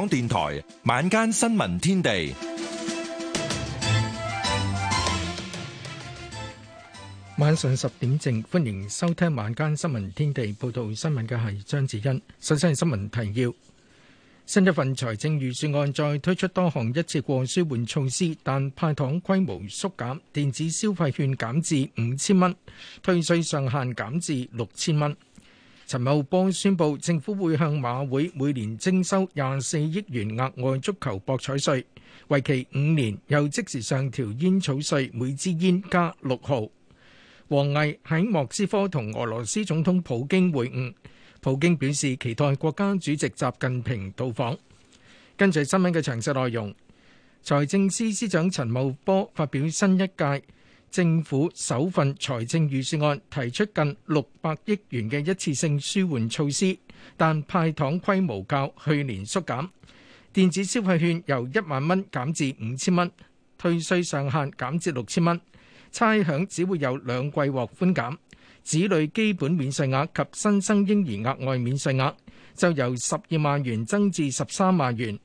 港電台晚間新聞天地，晚上十點正，歡迎收聽晚間新聞天地。報道新聞嘅係張子欣，首先係新聞提要：新一份財政預算案再推出多項一次過紓緩措施，但派糖規模縮減，電子消費券減至五千蚊，退稅上限減至六千蚊。陳茂波宣布，政府會向馬會每年徵收廿四億元額外足球博彩稅，為期五年。又即時上調煙草稅，每支煙加六毫。王毅喺莫斯科同俄羅斯總統普京會晤，普京表示期待國家主席習近平到訪。跟住新聞嘅詳細內容，財政司司長陳茂波發表新一屆。政府首份財政預算案提出近六百億元嘅一次性舒緩措施，但派糖規模較去年縮減。電子消費券由一萬蚊減至五千蚊，退稅上限減至六千蚊。差餉只會有兩季獲寬減。子女基本免稅額及新生嬰兒額外免稅額就由十二萬元增至十三萬元。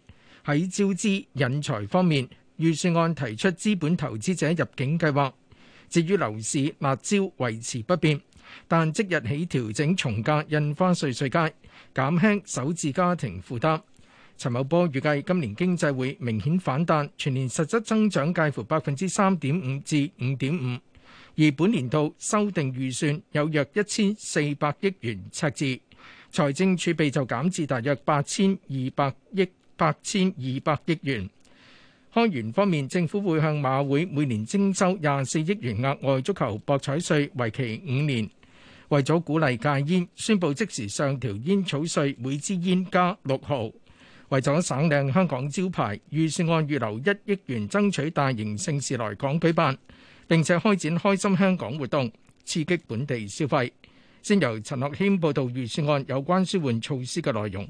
喺招資引才方面，預算案提出資本投資者入境計劃。至於樓市，辣招維持不變，但即日起調整重價印花稅稅階，減輕首置家庭負擔。陳茂波預計今年經濟會明顯反彈，全年實質增長介乎百分之三點五至五點五，而本年度修訂預算有約一千四百億元赤字，財政儲備就減至大約八千二百億八千二百億元。開源方面，政府會向馬會每年徵收廿四億元額外足球博彩稅，為期五年。為咗鼓勵戒煙，宣布即時上調煙草稅，每支煙加六毫。為咗省靚香港招牌，預算案預留一億元爭取大型盛事來港舉辦，並且開展開心香港活動，刺激本地消費。先由陳諾軒報道預算案有關舒緩措施嘅內容。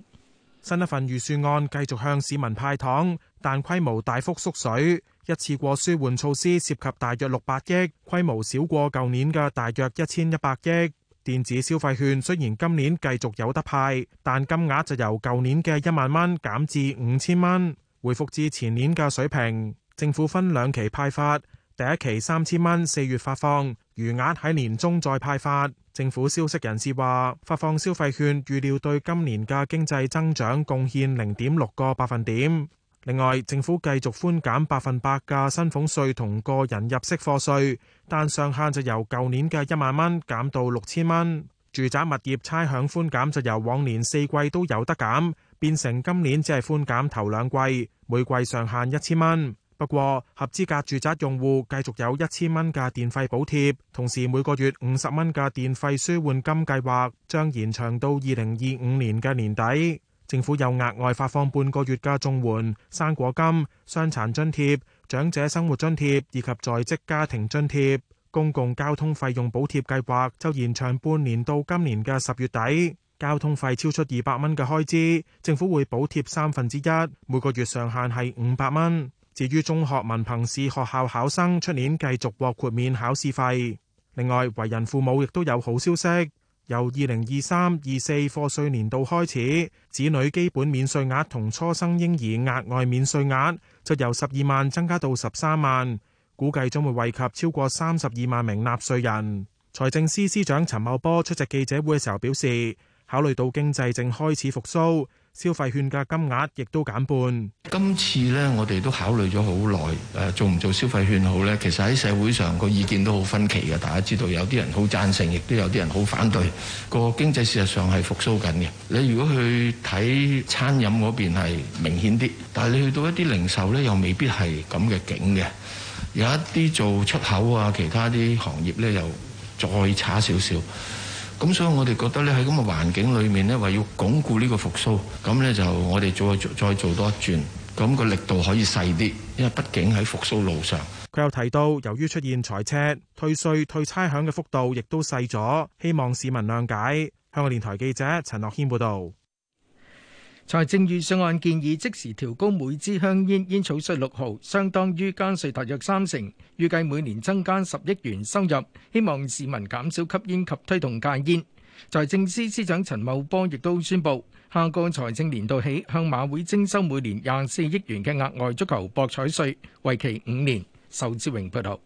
新一份預算案繼續向市民派糖。但規模大幅縮水，一次過紓緩措施涉及大約六百億，規模少過舊年嘅大約一千一百億。電子消費券雖然今年繼續有得派，但金額就由舊年嘅一萬蚊減至五千蚊，回復至前年嘅水平。政府分兩期派發，第一期三千蚊，四月發放，餘額喺年中再派發。政府消息人士話，發放消費券預料對今年嘅經濟增長貢獻零點六個百分點。另外，政府繼續寬減百分百嘅薪俸稅同個人入息課稅，但上限就由舊年嘅一萬蚊減到六千蚊。住宅物業差餉寬減,減,減就由往年四季都有得減，變成今年只係寬減頭兩季，每季上限一千蚊。不過，合資格住宅用戶繼續有一千蚊嘅電費補貼，同時每個月五十蚊嘅電費舒緩金計劃將延長到二零二五年嘅年底。政府又額外發放半個月嘅綜援、生果金、傷殘津貼、長者生活津貼以及在職家庭津貼，公共交通費用補貼計劃就延長半年到今年嘅十月底。交通費超出二百蚊嘅開支，政府會補貼三分之一，每個月上限係五百蚊。至於中學文憑試學校考生，出年繼續獲豁免考試費。另外，為人父母亦都有好消息。由二零二三、二四課稅年度開始，子女基本免稅額同初生嬰兒額外免稅額就由十二萬增加到十三萬，估計將會惠及超過三十二萬名納稅人。財政司司長陳茂波出席記者會嘅時候表示，考慮到經濟正開始復甦。消費券嘅金額亦都減半。今次呢，我哋都考慮咗好耐，誒，做唔做消費券好呢？其實喺社會上個意見都好分歧嘅。大家知道有啲人好贊成，亦都有啲人好反對。個經濟事實上係復甦緊嘅。你如果去睇餐飲嗰邊係明顯啲，但係你去到一啲零售呢，又未必係咁嘅境嘅。有一啲做出口啊，其他啲行業呢，又再差少少。咁所以我哋覺得咧喺咁嘅環境裏面咧話要鞏固呢個復甦，咁咧就我哋再再做多一轉，咁個力度可以細啲，因為畢竟喺復甦路上。佢又提到，由於出現財赤、退稅、退差餉嘅幅度亦都細咗，希望市民諒解。香港電台記者陳樂軒報導。財政預算案建議即時調高每支香煙煙草稅六毫，相當於加稅大約三成，預計每年增加十億元收入，希望市民減少吸煙及推動戒煙。財政司司長陳茂波亦都宣布，下個財政年度起向馬會徵收每年廿四億元嘅額外足球博彩稅，為期五年。仇志榮報道。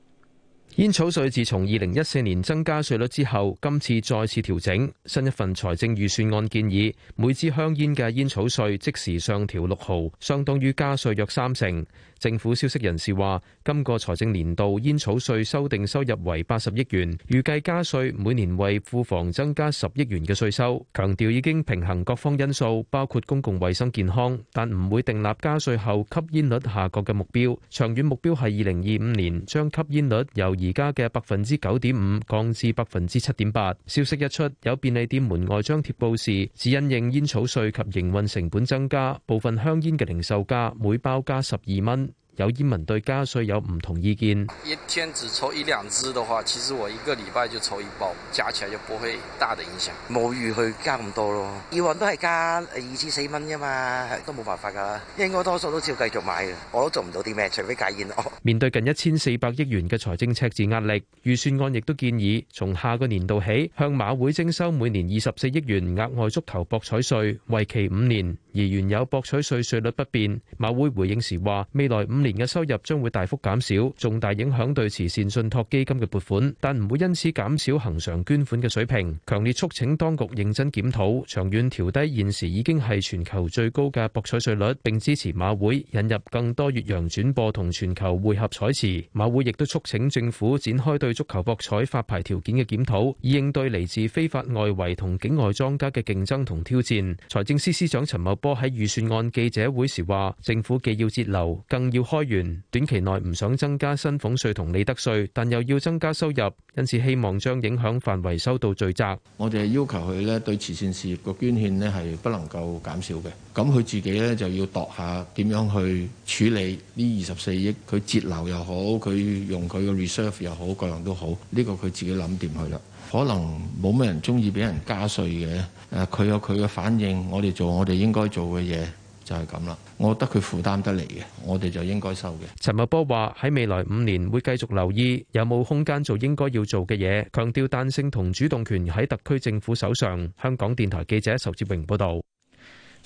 煙草稅自從二零一四年增加稅率之後，今次再次調整。新一份財政預算案建議，每支香煙嘅煙草稅即時上調六毫，相當於加稅約三成。政府消息人士話，今個財政年度煙草稅收訂收入為八十億元，預計加稅每年為庫房增加十億元嘅稅收。強調已經平衡各方因素，包括公共衛生健康，但唔會訂立加稅後吸煙率下降嘅目標。長遠目標係二零二五年將吸煙率由而家嘅百分之九點五降至百分之七點八。消息一出，有便利店門外張貼報示，只因應煙草稅及營運成本增加，部分香煙嘅零售價每包加十二蚊。有煙民對加稅有唔同意見。一天只抽一兩支的話，其實我一個禮拜就抽一包，加起來就不會大的影響。冇預去加咁多咯，以往都係加二至四蚊噶嘛，都冇辦法㗎。應該多數都照繼續買嘅，我都做唔到啲咩，除非戒煙。面對近一千四百億元嘅財政赤字壓力，預算案亦都建議從下個年度起向馬會徵收每年二十四億元額外足球博彩稅，為期五年。而原有博彩稅稅率不變，馬會回應時話：未來五年嘅收入將會大幅減少，重大影響對慈善信託基金嘅撥款，但唔會因此減少恒常捐款嘅水平。強烈促請當局認真檢討，長遠調低現時已經係全球最高嘅博彩稅率，並支持馬會引入更多越洋轉播同全球匯合彩池。馬會亦都促請政府展開對足球博彩發牌條件嘅檢討，以應對嚟自非法外圍同境外莊家嘅競爭同挑戰。財政司司長陳茂波。喺預算案記者會時話，政府既要節流，更要開源，短期內唔想增加薪俸稅同利得稅，但又要增加收入，因此希望將影響範圍收到最窄。我哋要求佢咧對慈善事業個捐獻咧係不能夠減少嘅。咁佢自己咧就要度下點樣去處理呢？二十四億，佢節流又好，佢用佢個 reserve 又好，各樣都好，呢、這個佢自己諗掂去啦。可能冇咩人中意俾人加稅嘅。誒佢有佢嘅反應，我哋做我哋應該做嘅嘢就係咁啦。我覺得佢負擔得嚟嘅，我哋就應該收嘅。陳茂波話：喺未來五年會繼續留意有冇空間做應該要做嘅嘢，強調彈性同主動權喺特區政府手上。香港電台記者仇志榮報導。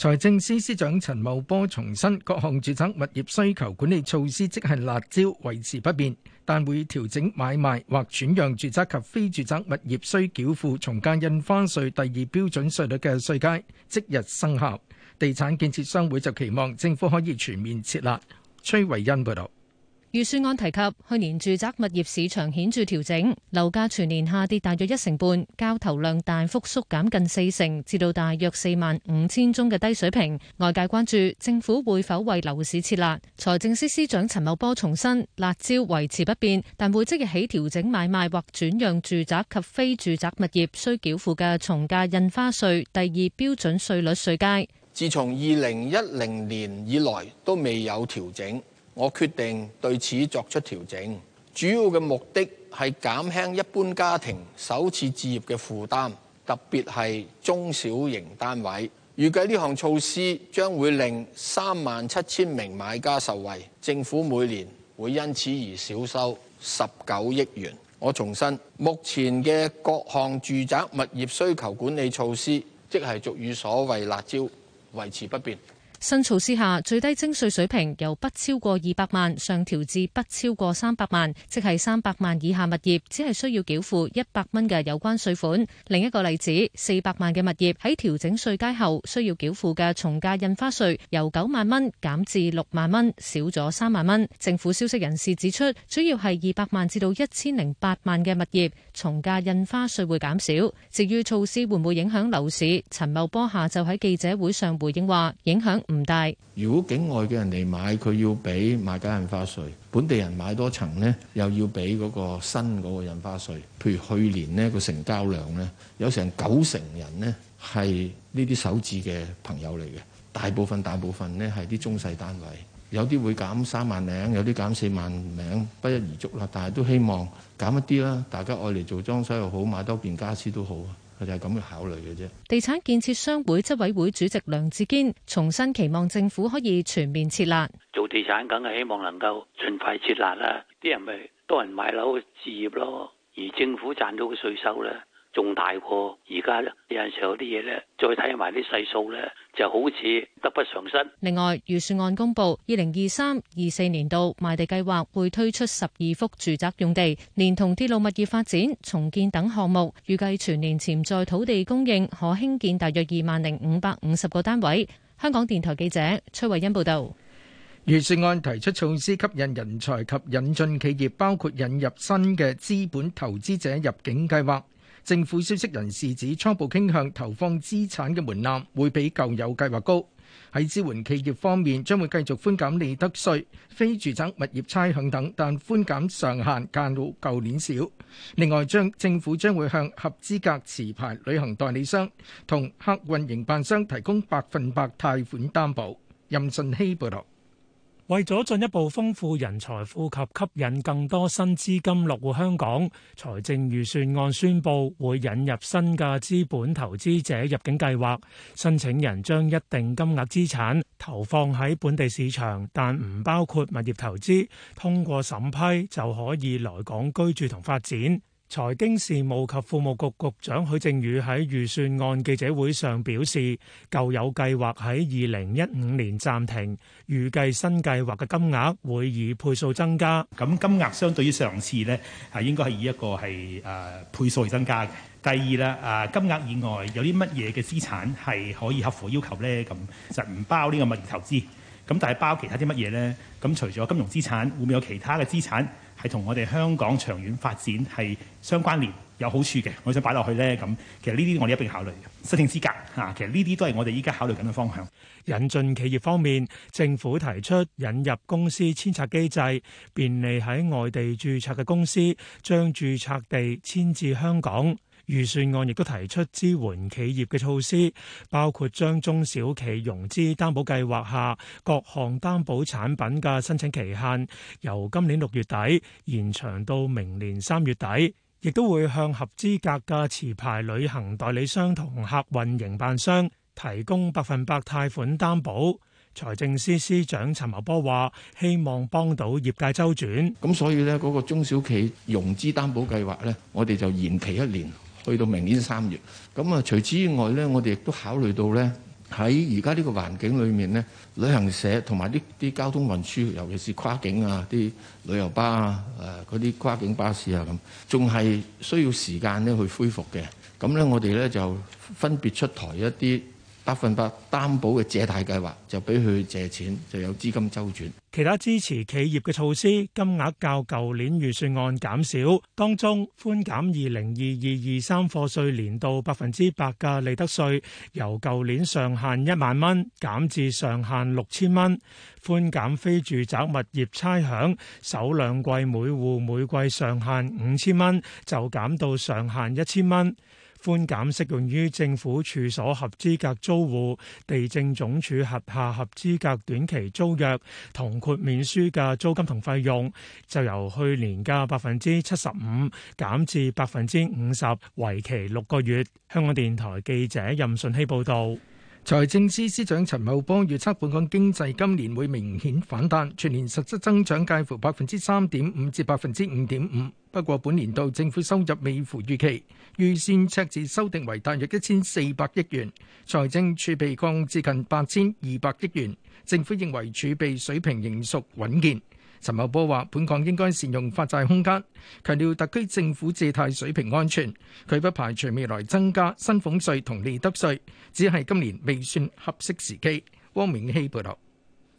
財政司司長陳茂波重申各項住宅物業需求管理措施，即係辣招，維持不變，但會調整買賣或轉讓住宅及非住宅物業需繳付從價印花稅第二標準稅率嘅稅階，即日生效。地產建設商會就期望政府可以全面撤辣。崔偉恩報道。預算案提及，去年住宅物業市場顯著調整，樓價全年下跌大約一成半，交投量大幅縮減近四成，至到大約四萬五千宗嘅低水平。外界關注政府會否為樓市撤辣？財政司司長陳茂波重申，辣招維持不變，但會即日起調整買賣或轉讓住宅及非住宅物業需繳付嘅從價印花稅第二標準稅率稅階。自從二零一零年以來都未有調整。我決定對此作出調整，主要嘅目的係減輕一般家庭首次置業嘅負擔，特別係中小型單位。預計呢項措施將會令三萬七千名買家受惠，政府每年會因此而少收十九億元。我重申，目前嘅各項住宅物業需求管理措施，即係俗語所謂辣招，維持不變。新措施下，最低徵稅水平由不超過二百萬上調至不超過三百萬，即係三百萬以下物業只係需要繳付一百蚊嘅有關稅款。另一個例子，四百萬嘅物業喺調整稅階後需要繳付嘅重價印花稅由九萬蚊減至六萬蚊，少咗三萬蚊。政府消息人士指出，主要係二百萬至到一千零八萬嘅物業。從價印花稅會減少，至於措施會唔會影響樓市？陳茂波下晝喺記者會上回應話，影響唔大。如果境外嘅人嚟買，佢要俾買家印花稅；本地人買多層呢，又要俾嗰個新嗰個印花稅。譬如去年呢，個成交量呢，有成九成人呢係呢啲首置嘅朋友嚟嘅，大部分，大部分呢係啲中細單位。有啲會減三萬名，有啲減四萬名，不一而足啦。但係都希望減一啲啦。大家愛嚟做裝修又好，買多件傢俬都好，佢就係咁嘅考慮嘅啫。地產建設商會執委會主席梁志堅重新期望政府可以全面設立。做地產梗係希望能夠盡快設立啦。啲人咪多人買樓置業咯，而政府賺到嘅稅收咧。仲大過而家呢，有陣時候啲嘢呢，再睇埋啲細數呢，就好似得不償失。另外，預算案公布二零二三二四年度賣地計劃，會推出十二幅住宅用地，連同鐵路物業發展重建等項目，預計全年潛在土地供應可興建大約二萬零五百五十個單位。香港電台記者崔慧欣報導。預算案提出措施吸引人才及引進企業，包括引入新嘅資本投資者入境計劃。政府消息人士指，初步傾向投放資產嘅門檻會比舊有計劃高。喺支援企業方面，將會繼續寬減利得稅、非住宅物業差餉等，但寬減上限間好舊年少。另外，將政府將會向合資格持牌旅行代理商同客運營辦商提供百分百貸款擔保。任信希報道。為咗進一步豐富人才庫及吸引更多新資金落戶香港，財政預算案宣布會引入新嘅資本投資者入境計劃，申請人將一定金額資產投放喺本地市場，但唔包括物業投資，通過審批就可以來港居住同發展。財經事務及庫務局局長許正宇喺預算案記者會上表示，舊有計劃喺二零一五年暫停，預計新計劃嘅金額會以倍數增加。咁金額相對於上次呢係應該係以一個係誒倍數增加嘅。第二啦，啊金額以外有啲乜嘢嘅資產係可以合乎要求呢？咁就唔包呢個物業投資。咁但係包其他啲乜嘢呢？咁除咗金融資產，會唔會有其他嘅資產？係同我哋香港長遠發展係相關聯，有好處嘅。我想擺落去呢，咁，其實呢啲我哋一定考慮嘅申請資格啊。其實呢啲都係我哋依家考慮緊嘅方向。引進企業方面，政府提出引入公司遷冊機制，便利喺外地註冊嘅公司將註冊地遷至香港。預算案亦都提出支援企業嘅措施，包括將中小企融資擔保計劃下各項擔保產品嘅申請期限由今年六月底延長到明年三月底，亦都會向合資格嘅持牌旅行代理商同客運營辦商提供百分百貸款擔保。財政司司長陳茂波話：希望幫到業界周轉。咁所以呢，嗰個中小企融資擔保計劃呢，我哋就延期一年。去到明年三月，咁啊，除此之外咧，我哋亦都考慮到咧，喺而家呢個環境裏面咧，旅行社同埋啲啲交通運輸，尤其是跨境啊啲旅遊巴啊，誒嗰啲跨境巴士啊咁，仲係需要時間咧去恢復嘅。咁咧，我哋咧就分別出台一啲，百分百擔保嘅借貸計劃，就俾佢借錢，就有資金周轉。其他支持企業嘅措施金額較舊年預算案減少，當中寬減二零二二二三課稅年度百分之百嘅利得稅，由舊年上限一萬蚊減至上限六千蚊；寬減非住宅物業差餉首兩季每戶每季上限五千蚊，就減到上限一千蚊。寬減適用於政府處所合資格租戶、地政總署轄下合資格短期租約，同豁免書嘅租金同費用，就由去年嘅百分之七十五減至百分之五十，為期六個月。香港電台記者任順希報道。財政司司長陳茂波預測，本港經濟今年會明顯反彈，全年實質增長介乎百分之三點五至百分之五點五。不過，本年度政府收入未符預期，預算赤字修訂為大約一千四百億元，財政儲備降至近八千二百億元。政府認為儲備水平仍屬穩健。陳茂波話：本港應該善用發債空間，強調特區政府借貸水平安全。佢不排除未來增加薪俸稅同利得稅，只係今年未算合適時機。汪明熙報道。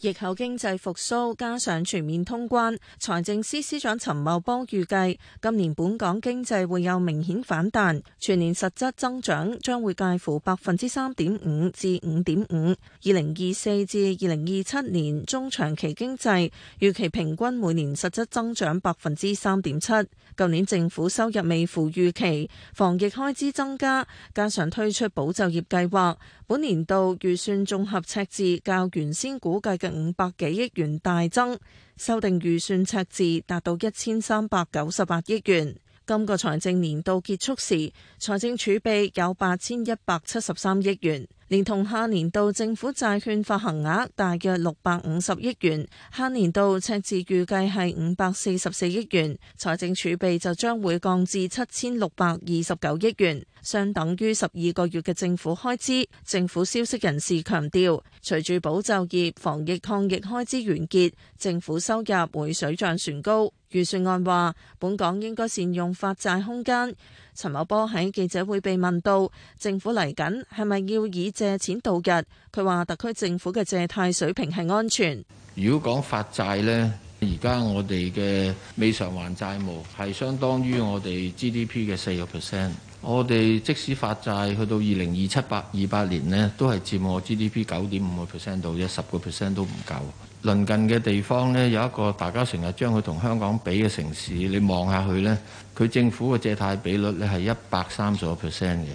疫後經濟復甦加上全面通關，財政司司長陳茂波預計今年本港經濟會有明顯反彈，全年實質增長將會介乎百分之三點五至五點五。二零二四至二零二七年中長期經濟預期平均每年實質增長百分之三點七。舊年政府收入未符預期，防疫開支增加，加上推出保就業計劃，本年度預算綜合赤字較原先估計嘅五百幾億元大增，修訂預算赤字達到一千三百九十八億元。今個財政年度結束時，財政儲備有八千一百七十三億元，連同下年度政府債券發行額大約六百五十億元，下年度赤字預計係五百四十四億元，財政儲備就將會降至七千六百二十九億元，相等於十二個月嘅政府開支。政府消息人士強調，隨住保就業、防疫抗疫開支完結，政府收入會水漲船高。預算案話，本港應該善用發債空間。陳茂波喺記者會被問到，政府嚟緊係咪要以借錢度日？佢話特區政府嘅借貸水平係安全。如果講發債呢，而家我哋嘅未償還債務係相當於我哋 GDP 嘅四個 percent。我哋即使發債去到二零二七八二八年呢，都係佔我 GDP 九點五個 percent 到一十個 percent 都唔夠。鄰近嘅地方呢，有一個大家成日將佢同香港比嘅城市，你望下去呢，佢政府嘅借貸比率呢係一百三十個 percent 嘅，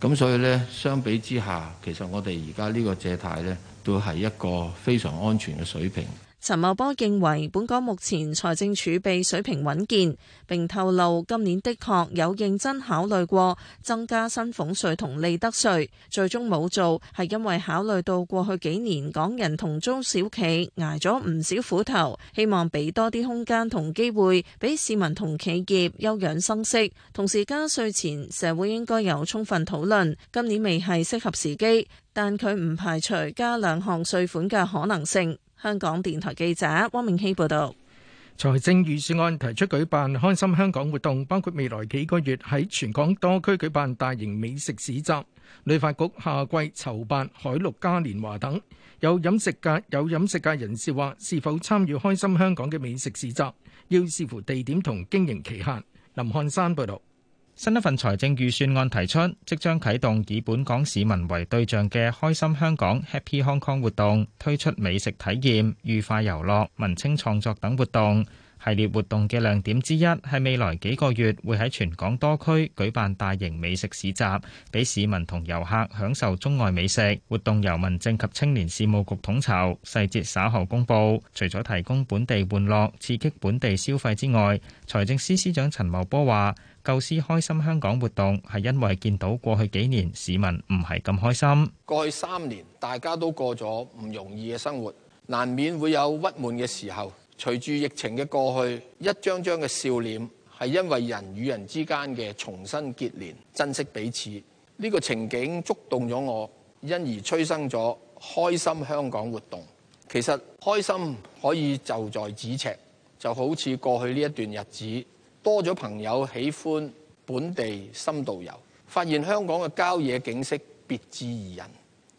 咁所以呢，相比之下，其實我哋而家呢個借貸呢，都係一個非常安全嘅水平。陳茂波認為，本港目前財政儲備水平穩健，並透露今年的確有認真考慮過增加薪俸稅同利得稅，最終冇做，係因為考慮到過去幾年港人同中小企挨咗唔少苦頭，希望俾多啲空間同機會俾市民同企業休養生息。同時加稅前，社會應該有充分討論，今年未係適合時機，但佢唔排除加兩項稅款嘅可能性。香港電台記者汪明希報道，財政預算案提出舉辦開心香港活動，包括未來幾個月喺全港多區舉辦大型美食市集、旅發局夏季籌辦海陸嘉年華等。有飲食界有飲食界人士話，是否參與開心香港嘅美食市集，要視乎地點同經營期限。林漢山報道。新一份財政預算案提出，即將啟動以本港市民為對象嘅《開心香港 Happy Hong Kong》活動，推出美食體驗、愉快遊樂、文青創作等活動。系列活動嘅亮點之一係未來幾個月會喺全港多區舉辦大型美食市集，俾市民同遊客享受中外美食。活動由民政及青年事務局統籌，細節稍後公佈。除咗提供本地玩樂、刺激本地消費之外，財政司司長陳茂波話：教師開心香港活動係因為見到過去幾年市民唔係咁開心。過去三年大家都過咗唔容易嘅生活，難免會有鬱悶嘅時候。隨住疫情嘅過去，一張張嘅笑臉係因為人與人之間嘅重新結連，珍惜彼此。呢、這個情景觸動咗我，因而催生咗開心香港活動。其實開心可以就在咫尺，就好似過去呢一段日子。多咗朋友喜歡本地深度遊，發現香港嘅郊野景色別致怡人，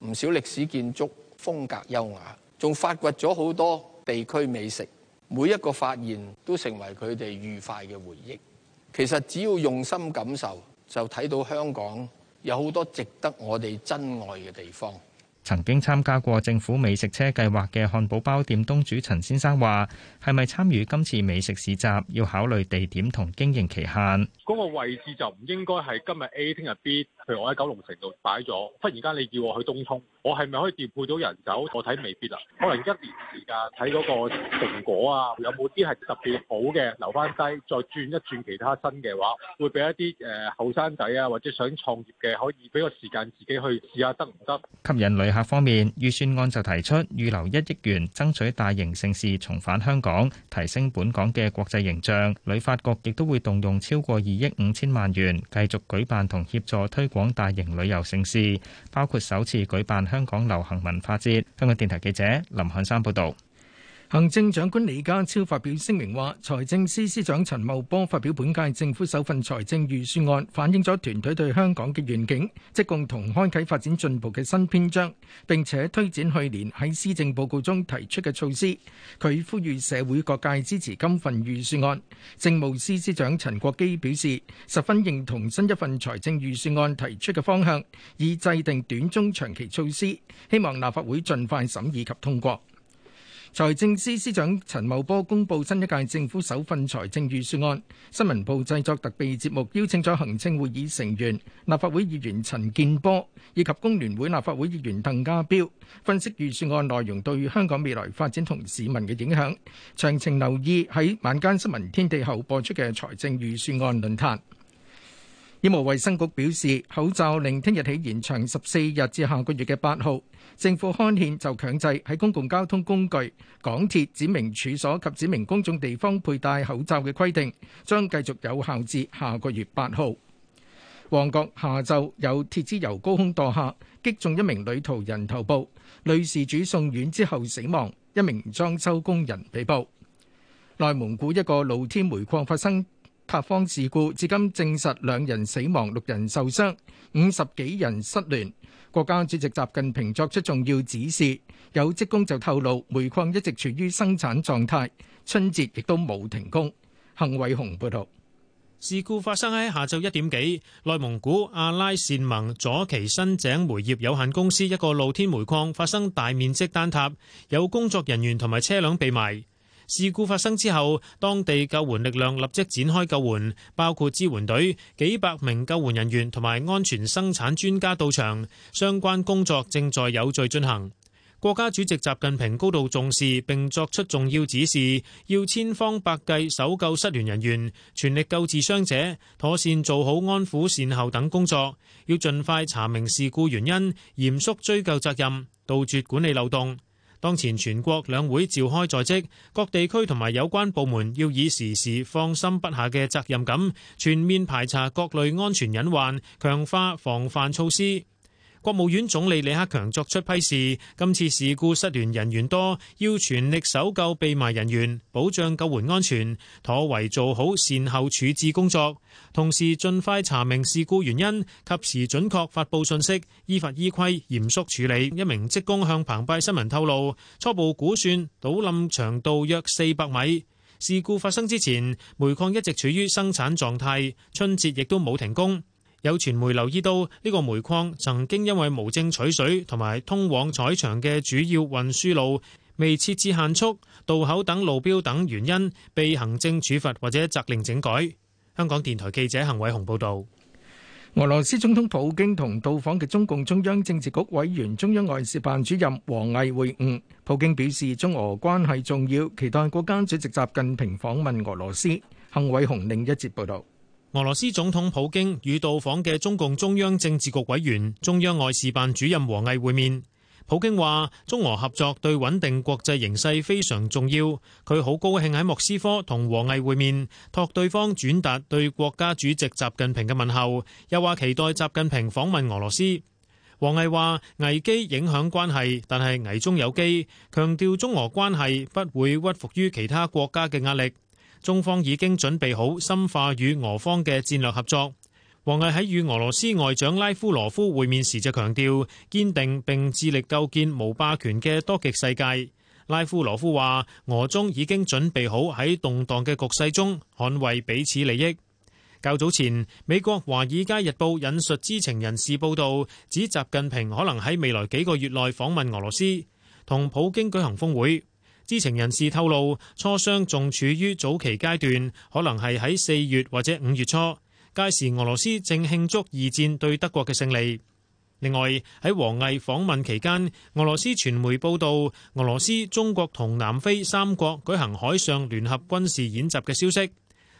唔少歷史建築風格優雅，仲發掘咗好多地區美食，每一個發現都成為佢哋愉快嘅回憶，其實只要用心感受，就睇到香港有好多值得我哋珍愛嘅地方。曾經參加過政府美食車計劃嘅漢堡包店東主陳先生話：係咪參與今次美食市集，要考慮地點同經營期限？嗰個位置就唔應該係今日 A，聽日 B。譬如我喺九龍城度擺咗，忽然間你叫我去東涌，我係咪可以調配到人手，我睇未必啊。可能一年時間睇嗰個成果啊，有冇啲係特別好嘅，留翻低，再轉一轉其他新嘅話，會俾一啲誒後生仔啊，或者想創業嘅可以俾個時間自己去試下得唔得？吸引旅客方面，預算案就提出預留一億元，爭取大型盛事重返香港，提升本港嘅國際形象。旅發局亦都會動用超過二億五千萬元，繼續舉辦同協助推。廣大型旅遊城市，包括首次舉辦香港流行文化節。香港電台記者林漢山報道。行政長官李家超發表聲明話：財政司司長陳茂波發表本屆政府首份財政預算案，反映咗團隊對香港嘅願景，即共同開啓發展進步嘅新篇章。並且推展去年喺施政報告中提出嘅措施。佢呼籲社會各界支持今份預算案。政務司司長陳國基表示，十分認同新一份財政預算案提出嘅方向，以制定短中長期措施，希望立法會盡快審議及通過。財政司司長陳茂波公布新一屆政府首份財政預算案。新聞部製作特別節目，邀請咗行政會議成員、立法會議員陳建波以及工聯會立法會議員鄧家彪分析預算案內容對香港未來發展同市民嘅影響。詳情留意喺晚間新聞天地後播出嘅財政預算案論壇。醫務衛生局表示，口罩令聽日起延長十四日至下個月嘅八號。政府刊憲就強制喺公共交通工具、港鐵指明處所及指明公眾地方佩戴口罩嘅規定，將繼續有效至下個月八號。旺角下晝有鐵枝由高空墮下，擊中一名女途人頭部，女事主送院之後死亡，一名裝修工人被捕。內蒙古一個露天煤礦發生。塌方事故至今證實兩人死亡、六人受傷、五十幾人失聯。國家主席習近平作出重要指示。有職工就透露，煤礦一直處於生產狀態，春節亦都冇停工。幸偉雄報道，事故發生喺下晝一點幾，內蒙古阿拉善盟左旗新井煤業有限公司一個露天煤礦發生大面積坍塌，有工作人員同埋車輛被埋。事故發生之後，當地救援力量立即展開救援，包括支援隊、幾百名救援人員同埋安全生產專家到場，相關工作正在有序進行。國家主席習近平高度重視並作出重要指示，要千方百計搜救失聯人員，全力救治傷者，妥善做好安撫善後等工作，要盡快查明事故原因，嚴肅追究責任，杜絕管理漏洞。當前全國兩會召開在即，各地區同埋有關部門要以時時放心不下嘅責任感，全面排查各類安全隱患，強化防範措施。國務院總理李克強作出批示，今次事故失聯人員多，要全力搜救被埋人員，保障救援安全，妥為做好善後處置工作，同時盡快查明事故原因，及時準確發布信息，依法依規嚴肅處理。一名職工向澎湃新聞透露，初步估算倒冧長度約四百米。事故發生之前，煤礦一直處於生產狀態，春節亦都冇停工。有傳媒留意到，呢個煤礦曾經因為無證取水同埋通往採場嘅主要運輸路未設置限速、道口等路標等原因，被行政處罰或者責令整改。香港電台記者幸偉雄報導。俄羅斯總統普京同到訪嘅中共中央政治局委員、中央外事辦主任王毅會晤。普京表示，中俄關係重要，期待國家主席習近平訪問俄羅斯。幸偉雄另一節報導。俄羅斯總統普京與到訪嘅中共中央政治局委員、中央外事辦主任王毅會面。普京話：中俄合作對穩定國際形勢非常重要。佢好高興喺莫斯科同王毅會面，託對方轉達對國家主席習近平嘅問候，又話期待習近平訪問俄羅斯。王毅話：危機影響關係，但係危中有機，強調中俄關係不會屈服於其他國家嘅壓力。中方已經準備好深化與俄方嘅戰略合作。王毅喺與俄羅斯外長拉夫羅夫會面時就強調，堅定並致力構建無霸權嘅多極世界。拉夫羅夫話：俄中已經準備好喺動盪嘅局勢中捍衛彼此利益。較早前，美國《華爾街日報》引述知情人士報道，指習近平可能喺未來幾個月內訪問俄羅斯，同普京舉行峰會。知情人士透露，磋商仲處於早期階段，可能係喺四月或者五月初，屆時俄羅斯正慶祝二戰對德國嘅勝利。另外喺王毅訪問期間，俄羅斯傳媒報道俄羅斯、中國同南非三國舉行海上聯合軍事演習嘅消息。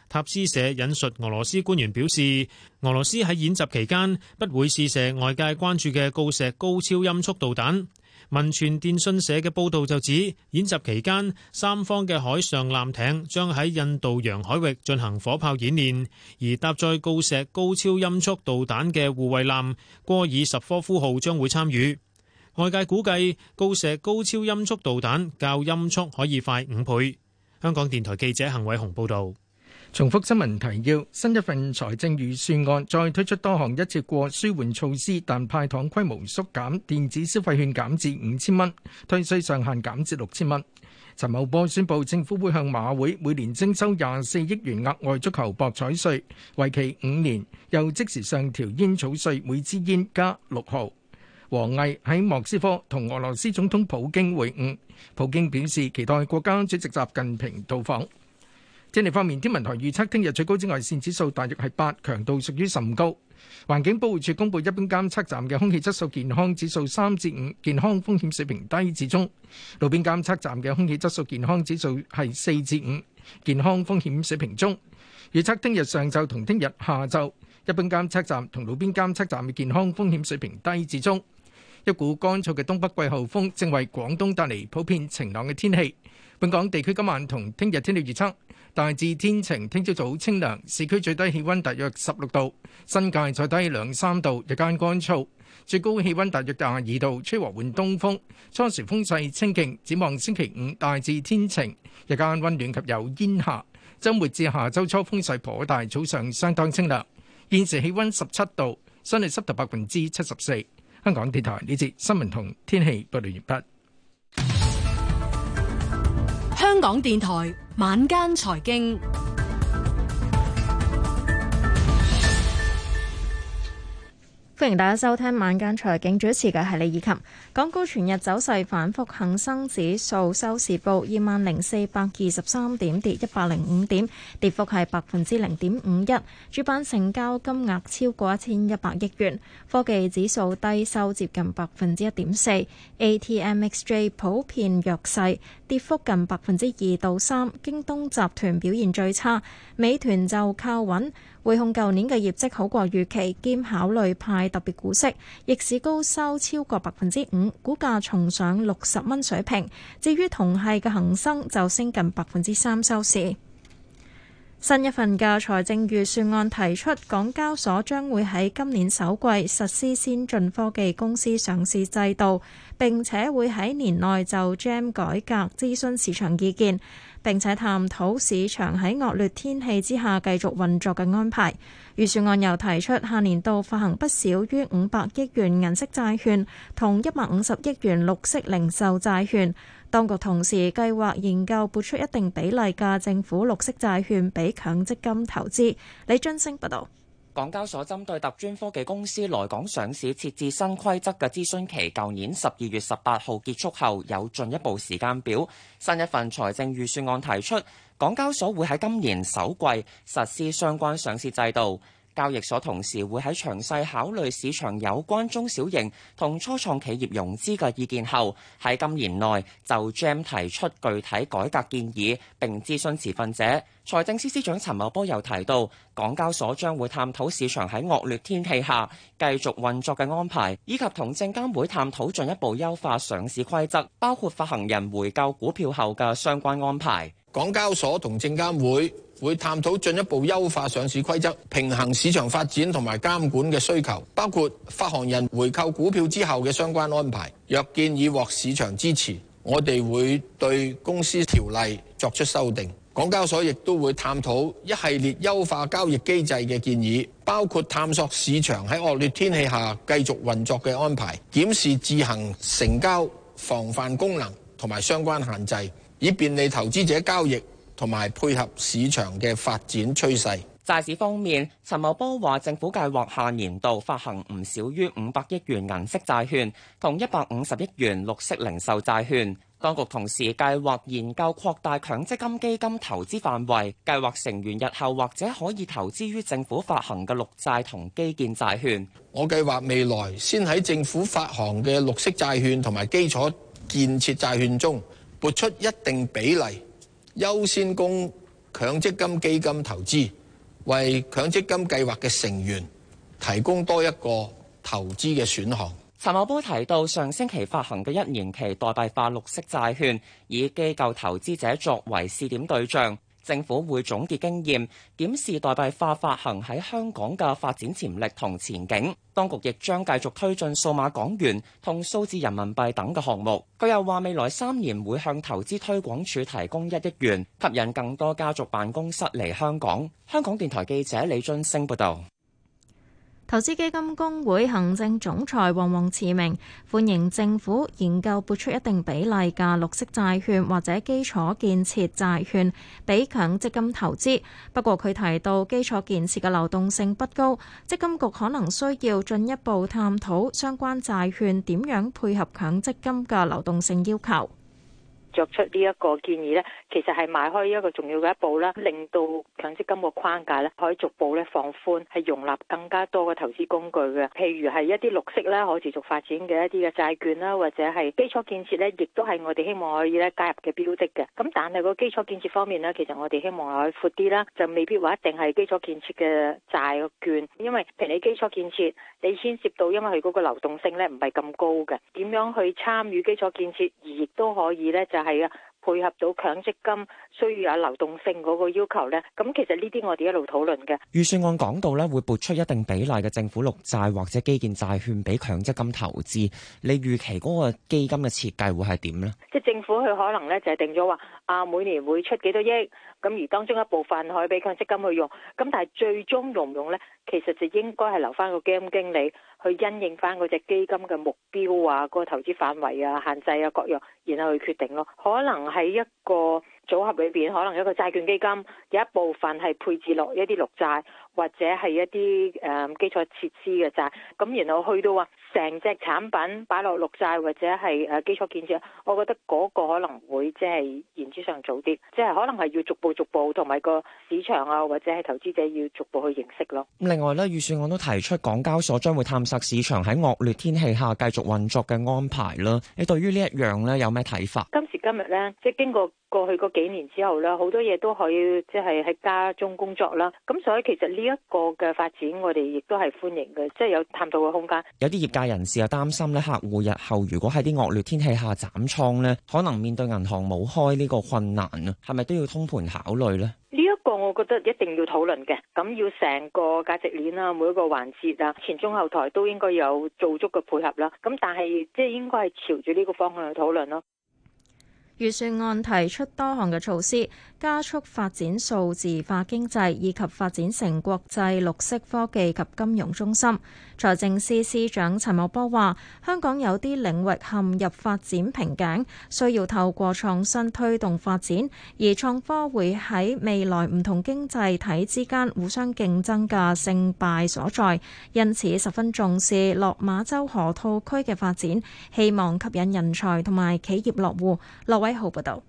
塔斯社引述俄羅斯官員表示，俄羅斯喺演習期間不會試射外界關注嘅鋯石高超音速導彈。民傳電訊社嘅報道就指，演習期間三方嘅海上艦艇將喺印度洋海域進行火炮演練，而搭載鋯石高超音速導彈嘅護衛艦戈，戈爾什科夫號將會參與。外界估計，鋯石高超音速導彈較音速可以快五倍。香港電台記者幸偉雄報導。重複新聞提要：新一份財政預算案再推出多項一次過舒緩措施，但派糖規模縮減，電子消費券減至五千蚊，退稅上限減至六千蚊。陳茂波宣布，政府會向馬會每年徵收廿四億元額外足球博彩稅，為期五年。又即時上調煙草稅，每支煙加六毫。王毅喺莫斯科同俄羅斯總統普京會晤，普京表示期待國家主席習近平到訪。天氣方面，天文台預測聽日最高紫外線指數大約係八，強度屬於甚高。環境保護署公布，一般監測站嘅空氣質素健康指數三至五，健康風險水平低至中；路邊監測站嘅空氣質素健康指數係四至五，健康風險水平中。預測聽日上晝同聽日下晝，一般監測站同路邊監測站嘅健康風險水平低至中。一股乾燥嘅東北季候風正為廣東帶嚟普遍晴朗嘅天氣。本港地區今晚同聽日天氣預測大致天晴，聽朝早清涼，市區最低氣温大約十六度，新界再低兩三度，日間乾燥，最高氣温大約廿二度，吹和緩東風，初時風勢清勁。展望星期五大致天晴，日間温暖及有煙霞，周末至下週初風勢頗大，早上相當清涼。現時氣温十七度，相對濕度百分之七十四。香港電台呢節新聞同天氣報道完畢。香港電台晚間財經。歡迎大家收聽晚間財經，主持嘅係李綺琴。港股全日走勢反覆，恒生指數收市報二萬零四百二十三點，跌一百零五點，跌幅係百分之零點五一。主板成交金額超過一千一百億元。科技指數低收接近百分之一點四，ATMXJ 普遍弱勢，跌幅近百分之二到三。京東集團表現最差，美團就靠穩。匯控舊年嘅業績好過預期，兼考慮派特別股息，逆市高收超過百分之五，股價重上六十蚊水平。至於同系嘅恒生就升近百分之三收市。新一份嘅財政預算案提出，港交所將會喺今年首季實施先進科技公司上市制度，並且會喺年內就 GEM 改革諮詢市場意見。並且探討市場喺惡劣天氣之下繼續運作嘅安排。預算案又提出，下年度發行不少於五百億元銀色債券，同一百五十億元綠色零售債券。當局同時計劃研究撥出一定比例嘅政府綠色債券俾強積金投資。李津升報道。港交所針對特專科技公司來港上市設置新規則嘅諮詢期，舊年十二月十八號結束後，有進一步時間表。新一份財政預算案提出，港交所會喺今年首季實施相關上市制度。交易所同時會喺詳細考慮市場有關中小型同初創企業融資嘅意見後，喺今年內就 jam 提出具體改革建議，並諮詢持份者。財政司司長陳茂波又提到，港交所將會探討市場喺惡劣天氣下繼續運作嘅安排，以及同證監會探討進一步優化上市規則，包括發行人回購股票後嘅相關安排。港交所同證監會。會探討進一步優化上市規則，平衡市場發展同埋監管嘅需求，包括發行人回購股票之後嘅相關安排。若建議獲市場支持，我哋會對公司條例作出修訂。港交所亦都會探討一系列優化交易機制嘅建議，包括探索市場喺惡劣天氣下繼續運作嘅安排，檢視自行成交防範功能同埋相關限制，以便利投資者交易。同埋配合市場嘅發展趨勢。債市方面，陳茂波話：政府計劃下年度發行唔少於五百億元銀色債券，同一百五十億元綠色零售債券。當局同時計劃研究擴大強積金基金投資範圍，計劃成員日後或者可以投資於政府發行嘅綠債同基建債券。我計劃未來先喺政府發行嘅綠色債券同埋基礎建設債券中撥出一定比例。優先供強積金基金投資，為強積金計劃嘅成員提供多一個投資嘅選項。陳茂波提到，上星期發行嘅一年期代幣化綠色債券，以機構投資者作為試點對象。政府會總結經驗，檢視代幣化發行喺香港嘅發展潛力同前景。當局亦將繼續推進數碼港元同數字人民幣等嘅項目。佢又話：未來三年會向投資推廣署提供一億元，吸引更多家族辦公室嚟香港。香港電台記者李津升報道。投資基金公會行政總裁黃王慈明歡迎政府研究撥出一定比例嘅綠色債券或者基礎建設債券俾強積金投資。不過佢提到基礎建設嘅流動性不高，積金局可能需要進一步探討相關債券點樣配合強積金嘅流動性要求。作出呢一個建議呢其實係邁開一個重要嘅一步啦，令到強積金個框架咧可以逐步咧放寬，係容納更加多嘅投資工具嘅，譬如係一啲綠色啦，可持續發展嘅一啲嘅債券啦，或者係基礎建設呢，亦都係我哋希望可以咧加入嘅標的嘅。咁但係個基礎建設方面呢，其實我哋希望可以闊啲啦，就未必話一定係基礎建設嘅債券，因為譬如你基礎建設，你牽涉到因為佢嗰個流動性咧唔係咁高嘅，點樣去參與基礎建設而亦都可以咧就係？係啊，配合到強積金需要有流動性嗰個要求咧，咁其實呢啲我哋一路討論嘅。預算案講到咧，會撥出一定比例嘅政府綠債或者基建債券俾強積金投資，你預期嗰個基金嘅設計會係點呢？即係政府佢可能咧就係定咗話啊，每年會出幾多億，咁而當中一部分可以俾強積金去用，咁但係最終用唔用咧？其實就應該係留翻個基金經理去因應翻嗰隻基金嘅目標啊，嗰、嗰個投資範圍啊、限制啊各樣，然後去決定咯。可能喺一個組合裏面，可能一個債券基金有一部分係配置落一啲綠債。或者係一啲誒、嗯、基礎設施嘅債，咁然後去到話成隻產品擺落綠債或者係誒基礎建設，我覺得嗰個可能會即、就、係、是、言之上早啲，即、就、係、是、可能係要逐步逐步同埋個市場啊，或者係投資者要逐步去認識咯。另外咧，預算案都提出港交所將會探索市場喺惡劣天氣下繼續運作嘅安排啦。你對於呢一樣咧有咩睇法？今時今日咧，即係經過過，過去嗰幾年之後咧，好多嘢都可以即係喺家中工作啦。咁所以其實呢、這個、～一個嘅發展，我哋亦都係歡迎嘅，即係有探討嘅空間。有啲業界人士又擔心咧，客戶日後如果喺啲惡劣天氣下斬倉咧，可能面對銀行冇開呢個困難啊，係咪都要通盤考慮咧？呢一個我覺得一定要討論嘅，咁要成個價值鏈啊，每一個環節啊，前中後台都應該有做足嘅配合啦。咁但係即係應該係朝住呢個方向去討論咯。預算案提出多項嘅措施。加速發展數字化經濟，以及發展成國際綠色科技及金融中心。財政司司長陳茂波話：香港有啲領域陷入發展瓶頸，需要透過創新推動發展。而創科會喺未來唔同經濟體之間互相競爭嘅勝敗所在，因此十分重視落馬洲河套區嘅發展，希望吸引人才同埋企業落戶。羅偉豪報導。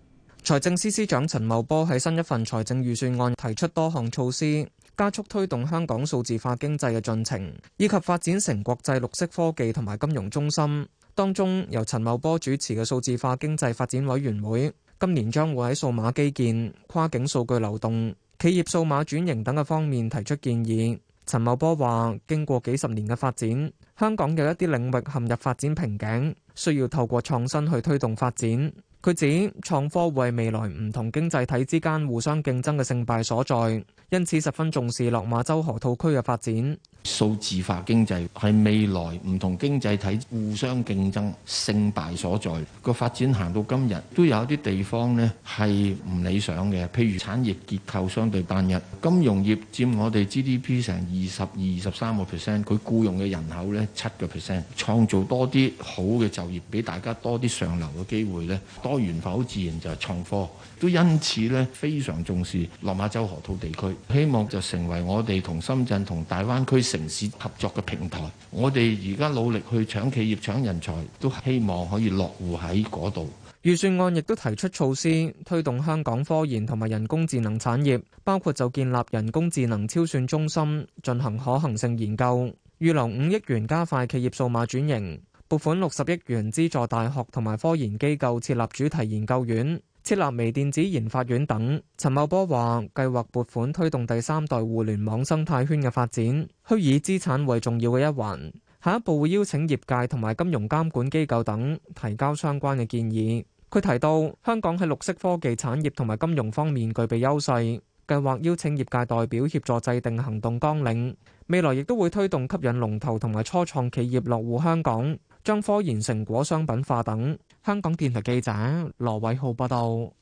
財政司司長陳茂波喺新一份財政預算案提出多項措施，加速推動香港數字化經濟嘅進程，以及發展成國際綠色科技同埋金融中心。當中由陳茂波主持嘅數字化經濟發展委員會，今年將會喺數碼基建、跨境數據流動、企業數碼轉型等嘅方面提出建議。陳茂波話，經過幾十年嘅發展，香港有一啲領域陷入發展瓶頸，需要透過創新去推動發展。佢指創科為未來唔同經濟體之間互相競爭嘅勝敗所在，因此十分重視落馬洲河套區嘅發展。數字化經濟係未來唔同經濟體互相競爭勝敗所在。個發展行到今日，都有一啲地方呢係唔理想嘅，譬如產業結構相對單一，金融業佔我哋 GDP 成二十、二十三個 percent，佢僱用嘅人口呢，七個 percent，創造多啲好嘅就業，俾大家多啲上流嘅機會呢。多。多元化好自然就係創科，都因此咧非常重視落馬洲河套地區，希望就成為我哋同深圳同大灣區城市合作嘅平台。我哋而家努力去搶企業搶人才，都希望可以落戶喺嗰度。預算案亦都提出措施推動香港科研同埋人工智能產業，包括就建立人工智能超算中心，進行可行性研究，預留五億元加快企業數碼轉型。撥款六十億元資助大學同埋科研機構設立主題研究院、設立微電子研發院等。陳茂波話：計劃撥款推動第三代互聯網生態圈嘅發展，虛擬資產為重要嘅一環。下一步會邀請業界同埋金融監管機構等提交相關嘅建議。佢提到，香港喺綠色科技產業同埋金融方面具備優勢。計劃邀請業界代表協助制定行動綱領，未來亦都會推動吸引龍頭同埋初創企業落戶香港，將科研成果商品化等。香港電台記者羅偉浩報道。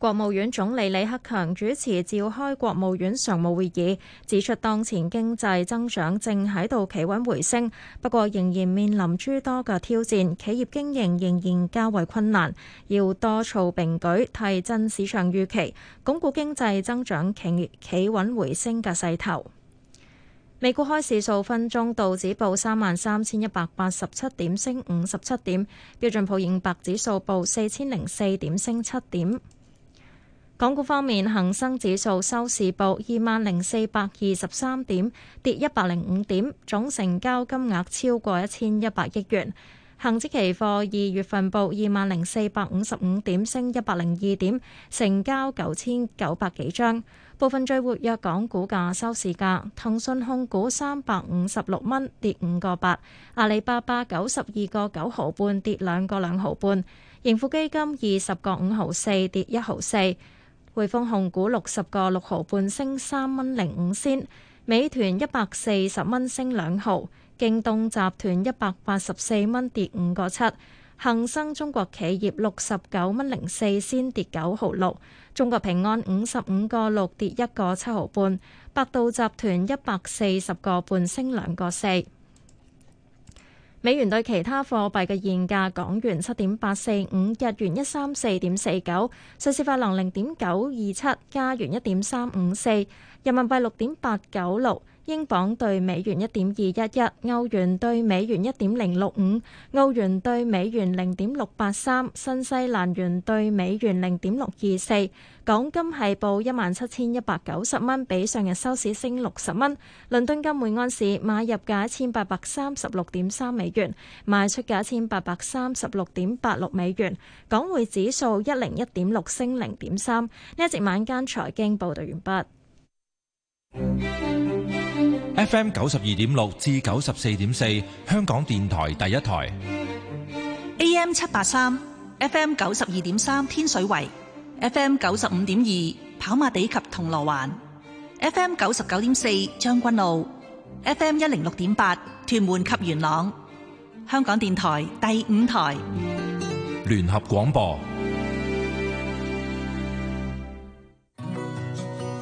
國務院總理李克強主持召開國務院常務會議，指出當前經濟增長正喺度企穩回升，不過仍然面臨諸多嘅挑戰，企業經營仍然較為困難，要多措併舉，提振市場預期，鞏固經濟增長企企穩回升嘅勢頭。美股開市數分鐘，道指報三萬三千一百八十七點，升五十七點；標準普爾五百指數報四千零四點，升七點。港股方面，恒生指數收市報二萬零四百二十三點，跌一百零五點，總成交金額超過一千一百億元。恒指期貨二月份報二萬零四百五十五點，升一百零二點，成交九千九百幾張，部分最活躍港股價收市價，騰訊控股三百五十六蚊，跌五個八；阿里巴巴九十二個九毫半，跌兩個兩毫半；盈富基金二十個五毫四，跌一毫四。匯豐控股六十個六毫半，升三蚊零五仙，美團一百四十蚊，升兩毫，京東集團一百八十四蚊，跌五個七，恒生中國企業六十九蚊零四仙，跌九毫六，中國平安五十五個六，跌一個七毫半，百度集團一百四十個半，升兩個四。美元兌其他貨幣嘅現價：港元七點八四五，日元一三四點四九，瑞士法郎零點九二七，加元一點三五四，人民幣六點八九六。英鎊兌美元一點二一一，歐元兌美元一點零六五，歐元兌美元零點六八三，新西蘭元兌美元零點六二四。港金係報一萬七千一百九十蚊，比上日收市升六十蚊。60, 倫敦金每盎司買入價一千八百三十六點三美元，賣出價一千八百三十六點八六美元。港匯指數一零一點六升零點三。呢一節晚間財經報道完畢。FM 九十二點六至九十四點四，4, 香港電台第一台；AM 七八三，FM 九十二點三，天水圍；FM 九十五點二，跑馬地及銅鑼灣；FM 九十九點四，將軍澳；FM 一零六點八，屯門及元朗。香港電台第五台，聯合廣播。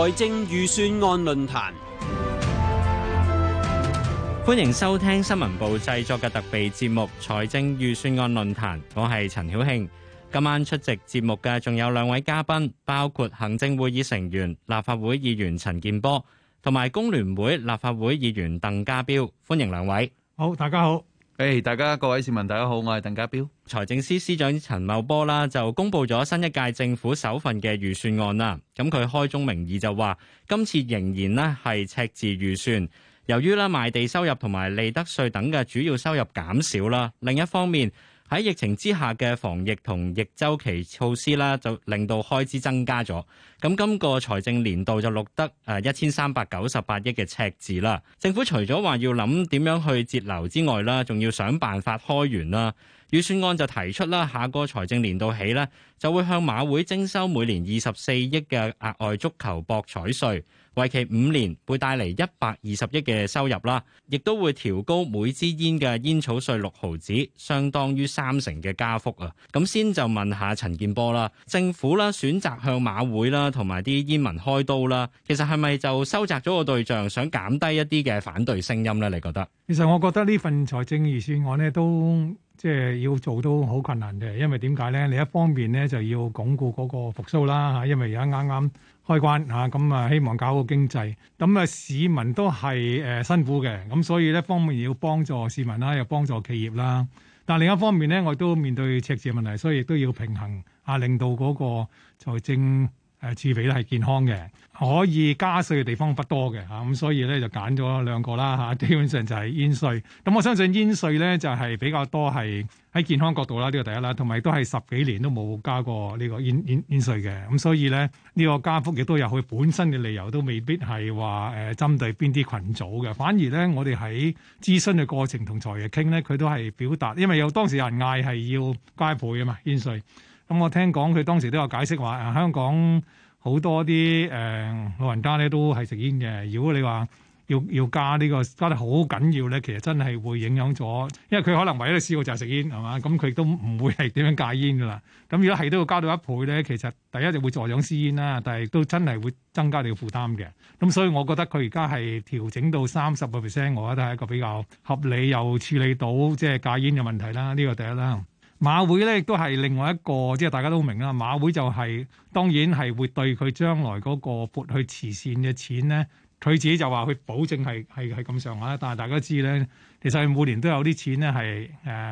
財政預算案論壇，歡迎收聽新聞部製作嘅特備節目《財政預算案論壇》。我係陳曉慶，今晚出席節目嘅仲有兩位嘉賓，包括行政會議成員、立法會議員陳建波，同埋工聯會立法會議員鄧家彪。歡迎兩位，好，大家好。誒，hey, 大家各位市民，大家好，我係鄧家彪，財政司司長陳茂波啦，就公布咗新一屆政府首份嘅預算案啦。咁佢開宗明義就話，今次仍然呢，係赤字預算，由於咧賣地收入同埋利得稅等嘅主要收入減少啦，另一方面。喺疫情之下嘅防疫同逆周期措施啦，就令到開支增加咗。咁今個財政年度就錄得誒一千三百九十八億嘅赤字啦。政府除咗話要諗點樣去節流之外啦，仲要想辦法開源啦。預算案就提出啦，下個財政年度起呢，就會向馬會徵收每年二十四億嘅額外足球博彩稅，為期五年，會帶嚟一百二十億嘅收入啦，亦都會調高每支煙嘅煙草稅六毫子，相當於三成嘅加幅啊！咁先就問下陳建波啦，政府啦選擇向馬會啦同埋啲煙民開刀啦，其實係咪就收窄咗個對象，想減低一啲嘅反對聲音呢？你覺得？其實我覺得呢份財政預算案呢都。即係要做都好困難嘅，因為點解咧？你一方面咧就要鞏固嗰個復甦啦嚇，因為而家啱啱開關嚇，咁啊希望搞個經濟。咁、嗯、啊市民都係誒、呃、辛苦嘅，咁、嗯、所以咧方面要幫助市民啦，又幫助企業啦。但另一方面咧，我都面對赤字問題，所以亦都要平衡啊，令到嗰個財政。誒自肥咧係健康嘅，可以加稅嘅地方不多嘅嚇，咁、啊、所以咧就揀咗兩個啦嚇，基本上就係煙稅。咁我相信煙稅咧就係、是、比較多係喺健康角度啦，呢、這個第一啦，同埋都係十幾年都冇加過呢個煙煙稅嘅。咁、啊、所以咧呢、這個加幅亦都有佢本身嘅理由，都未必係話誒針對邊啲群組嘅。反而咧我哋喺諮詢嘅過程同財爺傾咧，佢都係表達，因為有當時有人嗌係要加倍啊嘛煙稅。咁我聽講佢當時都有解釋話、呃，香港好多啲誒、呃、老人家咧都係食煙嘅。如果你話要要加呢、這個加得好緊要咧，其實真係會影響咗，因為佢可能唯一嘅嗜好就係食煙係嘛。咁佢都唔會係點樣戒煙㗎啦。咁如果係都要加到一倍咧，其實第一就會助長私煙啦，但係都真係會增加你嘅負擔嘅。咁所以我覺得佢而家係調整到三十個 percent，我覺得係一個比較合理又處理到即係、就是、戒煙嘅問題啦。呢、這個第一啦。馬會咧，亦都係另外一個，即係大家都明啦。馬會就係、是、當然係會對佢將來嗰個撥去慈善嘅錢咧，佢自己就話佢保證係係係咁上下。但係大家知咧，其實佢每年都有啲錢咧係誒。呃